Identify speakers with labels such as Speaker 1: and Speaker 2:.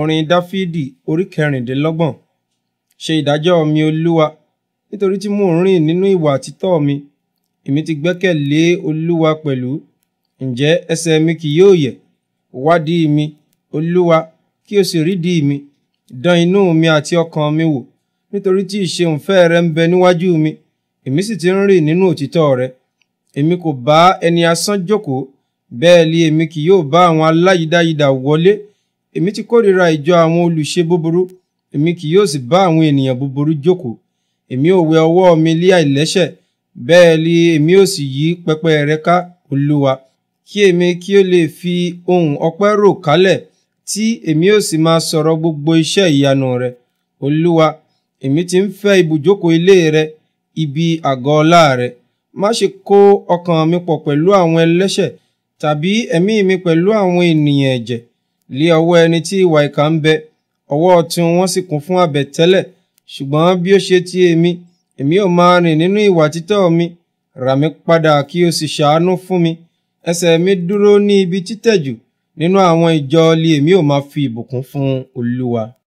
Speaker 1: orin dáfídì orí kẹrìndínlọ́gbọ̀n ṣe ìdájọ́ mi olúwa nítorí tí mò ń rìn nínú ìwà títọ́ mi èmi ti gbẹ́kẹ̀lé olúwa pẹ̀lú ǹjẹ́ ẹsẹ̀ mi kì yóò yẹ̀ wádìí mi olúwa kí o sì rídìí mi dán inú mi àti ọkàn mi wò nítorí tí ìṣeunfẹ́ rẹ ń bẹ níwájú mi èmi sì ti ń rìn nínú òtítọ́ rẹ èmi kò bá ẹni asán jókòó bẹ́ẹ̀ li èmi kì yóò bá àwọn aláyídáyidà wọlé èmi ti kórìíra ìjọ àwọn olùṣe búburú èmi kì yóò sì bá àwọn ènìyàn búburú jókòó èmi ò wẹ ọwọ́ mi lé àìlẹ́ṣẹ̀ bẹ́ẹ̀ ni èmi ò sì yí pẹpẹ rẹ ká olúwa kí èmi kí ó lè fi ohùn ọpẹ́ rò kálẹ̀ tí èmi ò sì máa sọ̀rọ̀ gbogbo iṣẹ́ ìyanu rẹ olúwa èmi ti ń fẹ́ ibùjókòó ilé rẹ ibi àgọ́ ọlá rẹ má ṣe kó ọkàn mi pọ̀ pẹ̀lú àwọn ẹlẹ́ṣẹ̀ tàbí ẹ̀mí mi pẹ̀lú àwọn ènìyàn ẹ̀jẹ̀ lé ọwọ́ ẹni tí ìwà ìkà ń bẹ ọwọ́ ọ̀tún wọn sì kún fún àbẹ̀tẹ́lẹ̀ ṣùgbọ́n bí ó ṣe ti èmi èmi ò máa rìn nínú ìwà títọ́ mi rà mí padà kí o sì ṣàánú fún mi ẹsẹ̀ mi dúró ní ibi títẹ̀jù nínú àwọn ìjọ li èmi ò máa fi ìbùkún fún olúwa